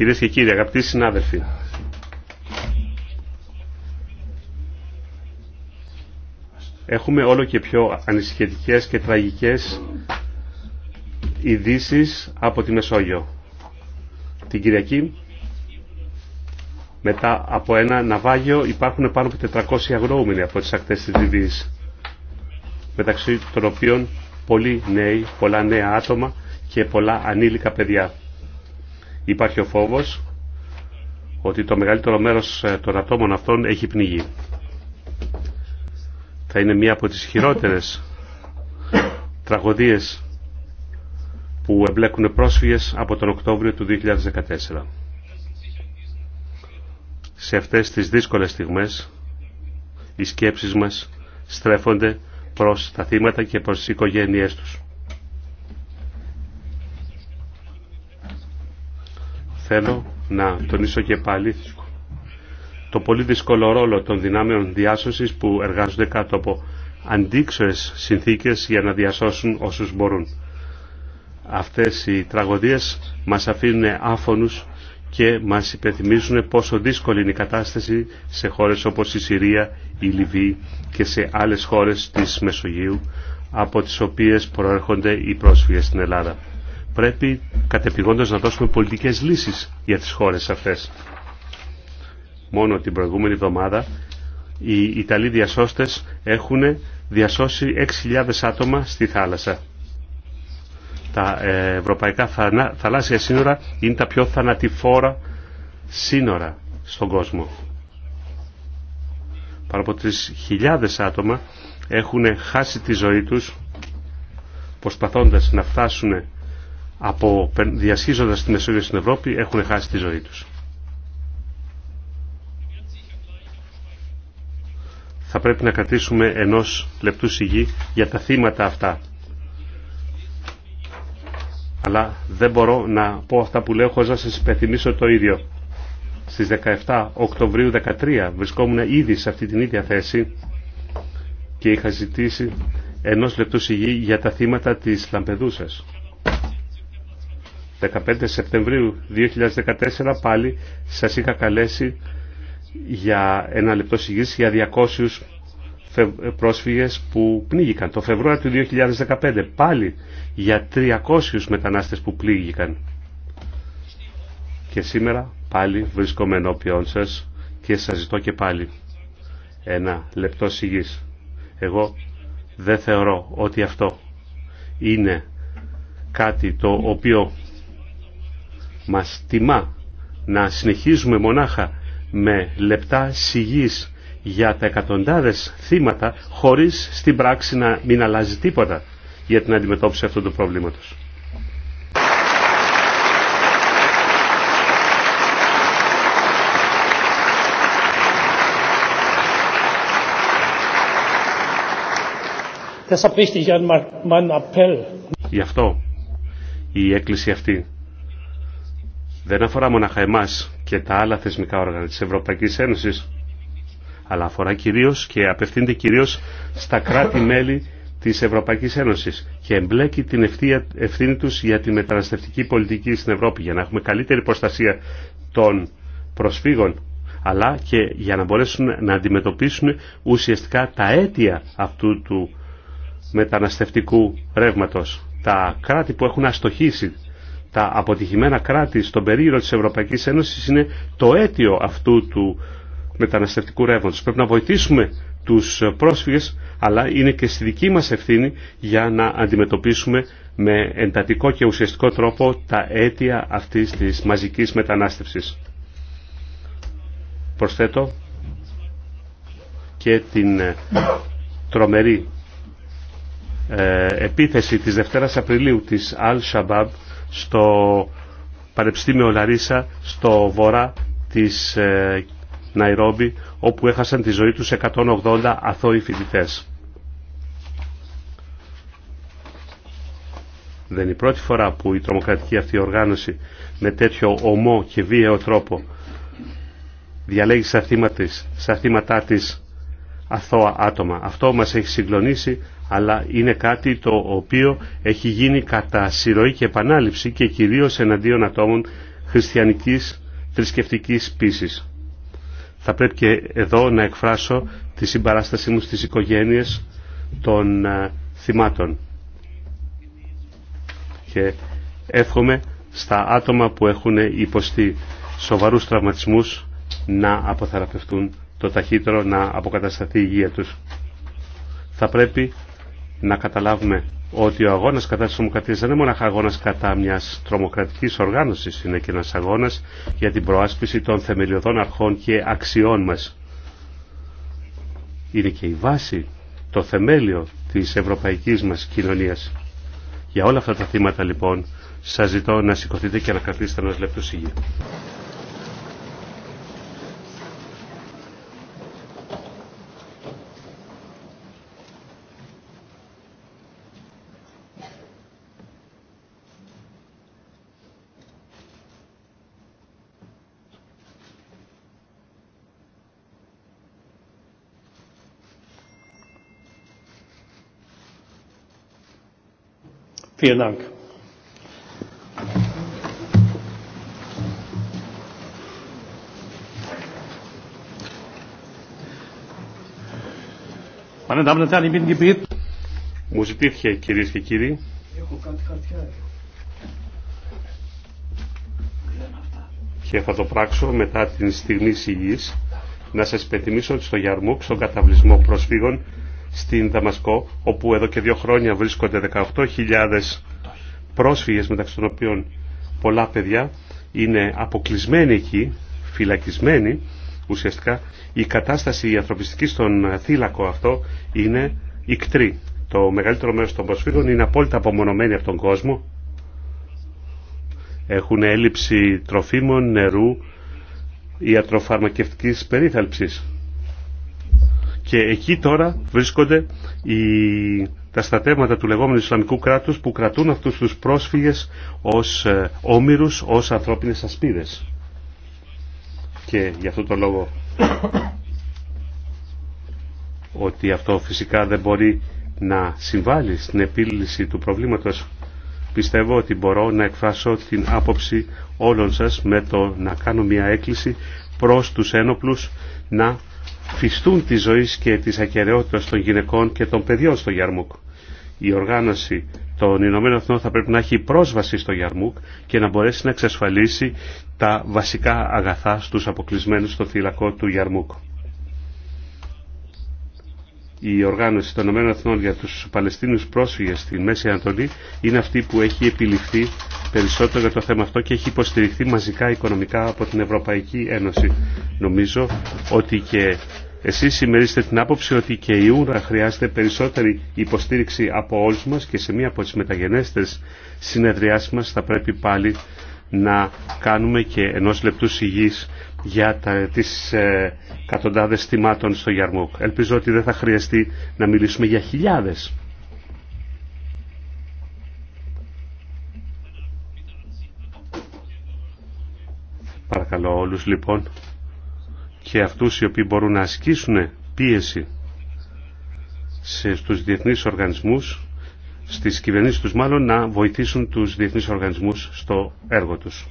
Κυρίες και κύριοι, αγαπητοί συνάδελφοι, έχουμε όλο και πιο ανησυχητικές και τραγικές ειδήσει από τη Μεσόγειο. Την Κυριακή, μετά από ένα ναυάγιο, υπάρχουν πάνω από 400 αγρόουμενοι από τις ακτές της Λιβύης, μεταξύ των οποίων πολλοί νέοι, πολλά νέα άτομα και πολλά ανήλικα παιδιά. Υπάρχει ο φόβος ότι το μεγαλύτερο μέρος ε, των ατόμων αυτών έχει πνιγεί. Θα είναι μία από τις χειρότερες τραγωδίες που εμπλέκουν πρόσφυγες από τον Οκτώβριο του 2014. Σε αυτές τις δύσκολες στιγμές οι σκέψεις μας στρέφονται προς τα θύματα και προς τις οικογένειές τους. θέλω να τονίσω και πάλι το πολύ δύσκολο ρόλο των δυνάμεων διάσωσης που εργάζονται κάτω από αντίξωες συνθήκες για να διασώσουν όσους μπορούν. Αυτές οι τραγωδίες μας αφήνουν άφωνους και μας υπενθυμίζουν πόσο δύσκολη είναι η κατάσταση σε χώρες όπως η Συρία, η Λιβύη και σε άλλες χώρες της Μεσογείου από τις οποίες προέρχονται οι πρόσφυγες στην Ελλάδα πρέπει κατεπηγόντως να δώσουμε πολιτικές λύσεις για τις χώρες αυτές. Μόνο την προηγούμενη εβδομάδα οι Ιταλοί διασώστες έχουν διασώσει 6.000 άτομα στη θάλασσα. Τα ε, ευρωπαϊκά θαλάσσια σύνορα είναι τα πιο θανατηφόρα σύνορα στον κόσμο. Παρά από τις χιλιάδες άτομα έχουν χάσει τη ζωή τους προσπαθώντας να φτάσουν από, διασχίζοντας τη Μεσόγειο στην Ευρώπη έχουν χάσει τη ζωή τους. Θα πρέπει να κρατήσουμε ενός λεπτού σιγή για τα θύματα αυτά. Αλλά δεν μπορώ να πω αυτά που λέω χωρίς να σας υπενθυμίσω το ίδιο. Στις 17 Οκτωβρίου 13 βρισκόμουν ήδη σε αυτή την ίδια θέση και είχα ζητήσει ενός λεπτού σιγή για τα θύματα της Λαμπεδούσας. 15 Σεπτεμβρίου 2014 πάλι σας είχα καλέσει για ένα λεπτό συγγύηση για 200 πρόσφυγες που πνίγηκαν. Το Φεβρουάριο του 2015 πάλι για 300 μετανάστες που πνίγηκαν. Και σήμερα πάλι βρίσκομαι ενώπιόν σας και σας ζητώ και πάλι ένα λεπτό συγγύηση. Εγώ δεν θεωρώ ότι αυτό είναι κάτι το οποίο μας τιμά να συνεχίζουμε μονάχα με λεπτά σιγής για τα εκατοντάδες θύματα χωρίς στην πράξη να μην αλλάζει τίποτα για την αντιμετώπιση αυτού του προβλήματος. Γι' αυτό η έκκληση αυτή δεν αφορά μοναχα εμάς και τα άλλα θεσμικά όργανα της Ευρωπαϊκής Ένωσης, αλλά αφορά κυρίως και απευθύνεται κυρίως στα κράτη-μέλη της Ευρωπαϊκής Ένωσης και εμπλέκει την ευθύνη τους για τη μεταναστευτική πολιτική στην Ευρώπη, για να έχουμε καλύτερη προστασία των προσφύγων, αλλά και για να μπορέσουν να αντιμετωπίσουν ουσιαστικά τα αίτια αυτού του μεταναστευτικού ρεύματος. Τα κράτη που έχουν αστοχήσει τα αποτυχημένα κράτη στον περίγυρο της Ευρωπαϊκής Ένωσης είναι το αίτιο αυτού του μεταναστευτικού ρεύματος. Πρέπει να βοηθήσουμε τους πρόσφυγες, αλλά είναι και στη δική μας ευθύνη για να αντιμετωπίσουμε με εντατικό και ουσιαστικό τρόπο τα αίτια αυτής της μαζικής μετανάστευσης. Προσθέτω και την ε, τρομερή ε, επίθεση της Δευτέρας Απριλίου της Al-Shabaab στο Πανεπιστήμιο Λαρίσα στο βορρά της ε, όπου έχασαν τη ζωή τους 180 αθώοι φοιτητέ. Δεν είναι η πρώτη φορά που η τρομοκρατική αυτή οργάνωση με τέτοιο ομό και βίαιο τρόπο διαλέγει σε θύματα της αθώα άτομα. Αυτό μας έχει συγκλονίσει, αλλά είναι κάτι το οποίο έχει γίνει κατά συρροή και επανάληψη και κυρίως εναντίον ατόμων χριστιανικής θρησκευτικής πίσης. Θα πρέπει και εδώ να εκφράσω τη συμπαράστασή μου στις οικογένειες των ε, θυμάτων. Και εύχομαι στα άτομα που έχουν υποστεί σοβαρούς τραυματισμούς να αποθεραπευτούν το ταχύτερο να αποκατασταθεί η υγεία τους. Θα πρέπει να καταλάβουμε ότι ο αγώνας κατά της νομοκρατίας δεν είναι μόνο αγώνας κατά μιας τρομοκρατικής οργάνωσης, είναι και ένας αγώνας για την προάσπιση των θεμελιωδών αρχών και αξιών μας. Είναι και η βάση, το θεμέλιο της ευρωπαϊκής μας κοινωνίας. Για όλα αυτά τα θύματα λοιπόν σας ζητώ να σηκωθείτε και να κρατήσετε ένα λεπτό υγεία. Vielen Dank. Meine Damen und Herren, Μου ζητήθηκε κυρίε και κύριοι. Έχω κάτι χαρτιά. Και θα το πράξω μετά την στιγμή σιγής να σας υπενθυμίσω ότι στο Γιαρμούκ, στον καταβλισμό προσφύγων, στην Δαμασκό, όπου εδώ και δύο χρόνια βρίσκονται 18.000 πρόσφυγες, μεταξύ των οποίων πολλά παιδιά, είναι αποκλεισμένοι εκεί, φυλακισμένοι ουσιαστικά. Η κατάσταση η ανθρωπιστική στον θύλακο αυτό είναι ικτρή. Το μεγαλύτερο μέρος των προσφύγων είναι απόλυτα απομονωμένοι από τον κόσμο. Έχουν έλλειψη τροφίμων, νερού, ιατροφαρμακευτικής περίθαλψης. Και εκεί τώρα βρίσκονται τα στατέματα του λεγόμενου Ισλαμικού κράτους που κρατούν αυτούς τους πρόσφυγες ως ε, όμοιρους, ως ανθρώπινες ασπίδες. Και γι' αυτό το λόγο ότι αυτό φυσικά δεν μπορεί να συμβάλλει στην επίλυση του προβλήματος πιστεύω ότι μπορώ να εκφράσω την άποψη όλων σας με το να κάνω μια έκκληση προς τους ένοπλους να φυστούν τη ζωή και τη ακαιρεότητα των γυναικών και των παιδιών στο Γιαρμούκ. Η οργάνωση των Ηνωμένων Εθνών θα πρέπει να έχει πρόσβαση στο Γιαρμούκ και να μπορέσει να εξασφαλίσει τα βασικά αγαθά στους αποκλεισμένους στο θύλακο του Γιαρμούκ. Η οργάνωση των Ηνωμένων Εθνών για τους Παλαιστίνιους πρόσφυγες στη Μέση Ανατολή είναι αυτή που έχει επιληφθεί περισσότερο για το θέμα αυτό και έχει υποστηριχθεί μαζικά οικονομικά από την Ευρωπαϊκή Ένωση. Νομίζω ότι και εσείς συμμερίζετε την άποψη ότι και η ούρα χρειάζεται περισσότερη υποστήριξη από όλους μας και σε μία από τις μεταγενέστερες συνεδριάσεις μας θα πρέπει πάλι να κάνουμε και ενός λεπτού συγγύης για τα, τις ε, κατοντάδες θυμάτων στο Γιαρμούκ. Ελπίζω ότι δεν θα χρειαστεί να μιλήσουμε για χιλιάδες. Παρακαλώ όλους λοιπόν και αυτούς οι οποίοι μπορούν να ασκήσουν πίεση σε, στους διεθνείς οργανισμούς, στις κυβερνήσεις τους μάλλον, να βοηθήσουν τους διεθνείς οργανισμούς στο έργο τους.